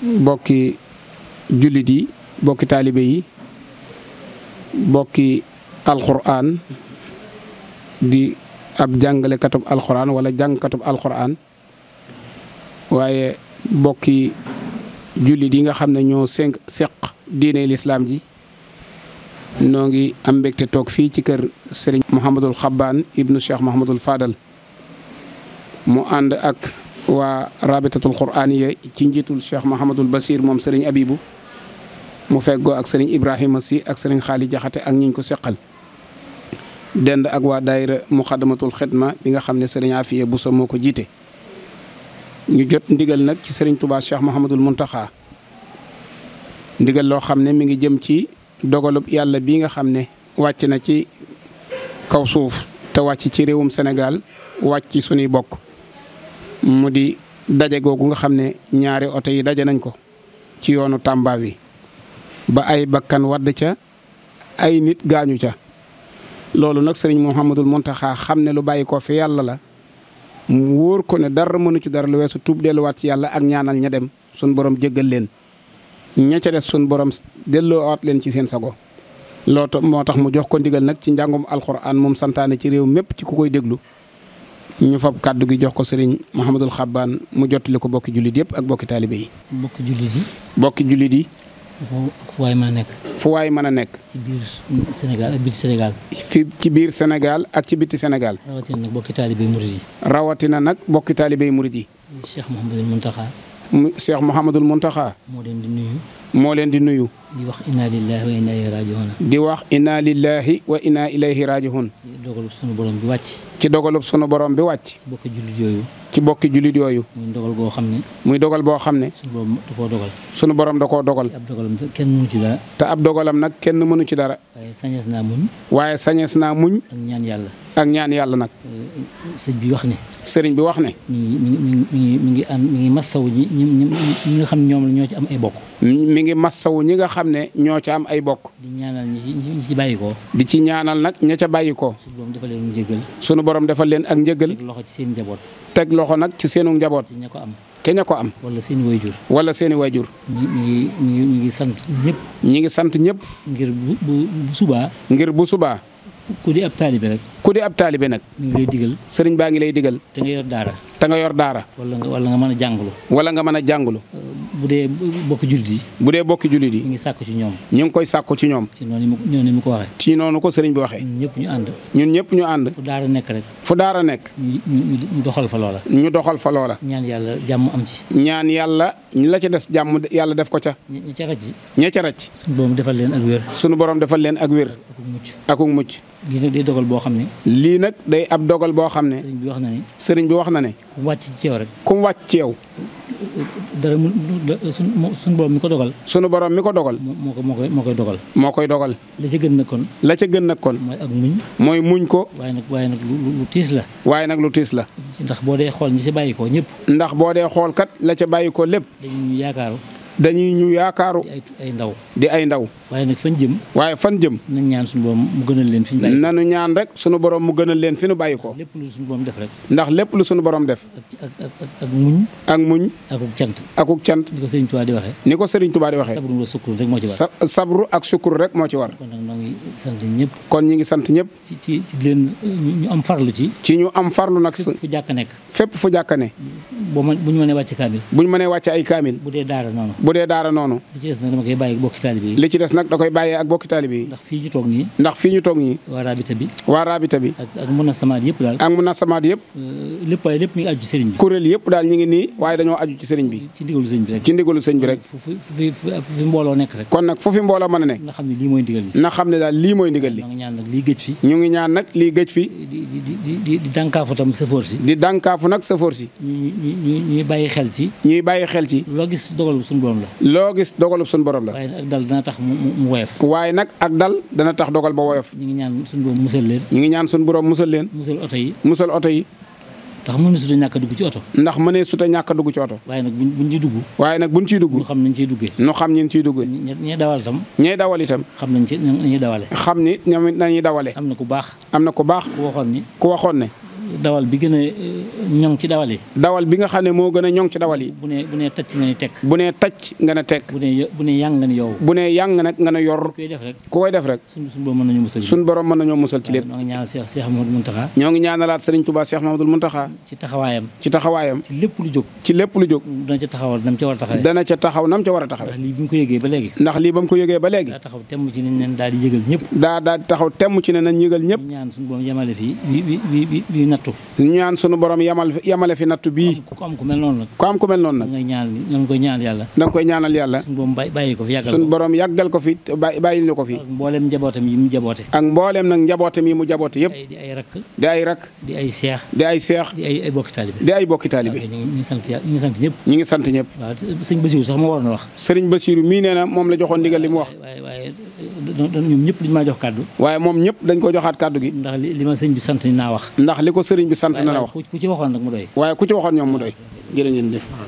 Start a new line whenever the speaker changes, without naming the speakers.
bokki jullit yi bokki taalibe yi bokki alxuraan di ab jàngalekatub alxuraan wala jàngkatub alxuraan waaye bokki jullit yi nga xam ne ñoo senq seq diine lislaam ji noo ngi am mbégte toog fii ci kër Serigne Mouhamadul Xabbaan ibnu Cheikh Mouhamadul Fadal mu ànd ak waa rabitatul quraaniya ci njiitul cheikh Mahamadul Basir moom sëriñ Abibu mu feggoo ak sëriñ Ibrahima si ak sëriñ Xaali Jaxate ak ñiñ ko seqal dend ak waa daayira muxadamatul xidma bi nga xam ne sëriñ Afiye Buso moo ko jiite. ñu jot ndigal nag ci sëriñ Touba cheikh Mahamadul Muntaxa ndigal loo xam ne mi ngi jëm ci dogalub yàlla bi nga xam ne wàcc na ci kaw suuf te wàcc ci réewum senegal wàcc ci sunuy bokk. mu di daje googu nga xam ne ñaari oto yi daje nañ ko ci yoonu Tamba wi ba ay bakkan wadd ca ay nit gaañu ca loolu nag sëriñ Mouhamadul xaa xam ne lu bàyyi ko fi yàlla la mu wóor ko ne dara mënu ci dara lu weesu tuub delluwaat ci yàlla ak ñaanal ña dem sun borom jéggal leen ña ca des sun borom delloowaat leen ci seen sago. loolu moo tax mu jox ko ndigal nag ci njàngum alxuraan moom santaane ci réew mépp ci ku koy déglu. ñu fab kàddu gi jox ko sëriñ Mouhamadul Xabbaan mu jottali ko bokki jullit yëpp ak bokki taalibe yi. bokki jullit yi. bokki jullit yi. fu waay mën a nekk. fu waay mën a nekk. ci biir Sénégal ak ci biir Sénégal ak ci biti Sénégal. rawatina nag bokki taalibe yi. rawatina nag bokki taalibe murid yi. Cheikh mu Cheikh Mouhamadul Mountakha. moo leen di nuyu. moo leen di nuyu. di wax inna lillahi wa inna ilayhi raji'un. di wax inna lillahi wa inna ilayhi raji'un. ci dogalub sunu borom bi wàcc. ci dogalub sunu borom bi wàcc. bokki jullit yooyu. ci bokki jullit yooyu. muy dogal boo xam ne. muy dogal boo xam ne. sunu borom da koo dogal. sunu borom da koo dogal. te ab dogalam kenn mënu ci dara. te ab dogalam nag kenn mënu ci dara. waaye sañees naa muñ. waaye sañees naa muñ. ak yàlla. ak ñaan yàlla nag. sëñ bi wax ne. sëriñ bi wax ne. mi ngi mi ngi mi ngi mi ñi nga xam ñoom ñoo ci am ay bokk. mi ngi masawu ñi nga xam ne ñoo ci am ay bokk. di ñi ci ñi ci di ci ñaanal nag ña ca bàyyi ko. sunu borom defal leen njëgal. sunu borom defal leen ak njëgal. teg loxo ci seen njaboot. teg loxo nag ci seenu njaboot. ci ña ko am. te ña ko am. wala seeni i wayjur. wala seeni wayjur. ñi ngi sant ñëpp. ñi ngi sant ñëpp. ngir bu bu ngir bu subaa. ku di ab taalibe rek. ku di ab taalibe nag. digal. sëriñ baa ngi lay digal. te nga yor daara. te nga yor daara. wala nga wala nga mën a jàngalu. wala nga mën a jàngalu. Euh, bu dee bokk jullit yi. bu dee bokk jullit yi. ñu ngi sàkku ci ñoom. ñu ngi koy sàkku ci ñoom. ci noonu ni mu ko waxee. ci noonu ko sëriñ bi waxee. ñun ñëpp ñu ànd. ñun ñëpp ñu ànd. fu daara nekk rek. fu daara nekk. ñu doxal fa loola. ñu doxal fa loola. ñaan yàlla jàmm am ci. ñaan yàlla ñu la ca des jàmm yàlla def ko ca. ña ca ràcc. ña ca ràcc. suñu borom defal leen ak wér. suñu borom defal leen ak wér. ak mucc. lii nag day dogal boo xam ne. lii nag day ab dogal boo xam ne. sëriñ bi wax na ne. sëriñ bi wax na ne. ku mu wàcc ci yow rek. ku mu wàcc ci yow. dara mu sunu borom mi ko dogal. sunu borom mi ko dogal. moo ko moo koy dogal. moo koy dogal. la ca gën nag kon. la ca gën nag kon. mooy ak muñ. mooy muñ ko. waaye nag waaye nag lu tiis la. waaye nag lu tiis la. ndax boo dee xool ñi ci bàyyi ko ñëpp. ndax boo dee xool kat la ca bàyyi ko lépp. dañuy yaakaaru. dañuy ñu yaakaaru. ay ndaw di ay ndaw. waaye nag fan jëm. waaye fan jëm. nañu ñaan suñu borom mu leen fi ñu bàyyi nanu ñaan rek suñu borom mu gënal leen fi nu bàyyi ko. lépp lu suñu borom def rek. ndax lépp lu suñu borom def. ak ak ak muñ. ak muñ. akuk cant. akuk cant. ni ko Serigne Touba di waxee. ni ko Serigne Touba di waxee. sabru ak sukkur rek moo ci war. sabru ak sukkur rek moo ci war. kon nag ñoo sant ñëpp. kon ñu ngi sant ñëpp. ci ci ci leen ñu am farlu ci. ci ñu am farlu nag. fépp fu jàkka nekk. fépp fu jàkka ne bu ñu mënee wàcce kaamil bu ñu mënee wàcce ay kaamil bu dee daara noonu bu dee daara noonu li ci des nag dama koy bàyyi bokki taalibe li ci des nag da koy bàyyee bokki taalibe yi ndax fii ñu yëpp lépp waaye lépp ngi aju yëpp daal ñu ngi nii waaye dañoo aju ci sëriñ bi bi rek ci ndigalu sëriñ bi rek fu nekk rek kon nag fu fi mbooloo mën a na xam ne lii mooy ndigal li na xam ne daal lii mooy ndigal li ñu ngi ñaan nag lii gëj fi di dànkaafu tam sëfoor si di dànkaafu nag sëfoor si ñuy ñuy bàyyi xel ci. ñuy bàyyi xel ci. loo gis dogalub suñu borom la. loo gis dogalub suñu borom la. waaye nag ak dal dana tax mu mu nag ak dal dana tax dogal ba woyof. ñu ngi ñaan suñu borom musal leen. ñu ngi ñaan suñu borom musal leen. musal oto yi. musal oto yi. ndax mënee suta ñàkk dugg ci oto ndax mënee suta ñàkk dugg ci oto waaye nag buñ ci dugg waaye nag buñ ciy dugg ñu xam nañ ciy duggee ñu xam ñun ciy duggee ñee dawal itam ñee dawal itam xam nañ ci nañuy dawale xam ni ñoom ñu dawale am na ku baax am na ku baax ku waxoon ni ku waxoon ne dawal bi gën a eh, ñoŋ ci dawal yi. dawal bi nga xam ne moo gën a ñoŋ ci dawal yi. bu nee bu nga ne teg. bu nee yang nga ne yow. bu nee yang nga ne yor. ku koy def rek ku koy mën nañoo musal. suñu borom mën nañoo musal ci lépp. lu jóg. dana ca taxawal nam ca war a taxawee. dana ca ca war a taxawee. lii bi mu ko yëgee ba léegi. ndax lii ba mu ko yëgee ba léegi. daa taxaw temm ci ne nañ daal di yëgal ñëpp. daa daal di taxaw temm ci nattu. ñaan sunu borom yamal yamale fi nattu bii. ku am ku mel noonu nag. ku am ku mel da nga ñaanal yàlla. da koy ñaanal yàlla. sunu borom ko fi yàggal ko sunu borom yàggal ko fi bàyyil ñu ko fi. ak mboolem njabootam yi mu jaboote. ak mboolem nag njabootam yi mu jaboote yëpp. di ay rakk. di ay rakk. di ay seex. di ay seex. di ay bokki taalibe. di ay bokki taalibe. ñu sant yàlla ñu ngi sax moo waroon a wax. sëriñ Basiru mii nee na moom la joxoon ndigal li mu wax. waaye ñoom ñëpp jox kàddu. waaye moom ñëpp dañ ko joxaat kàddu gi. li ma sëñ bi sant naa wax. ndax li ko sëriñ bi sant na wax ku ci mu doy waaye ku ci waxoon mu doy jërë ngeen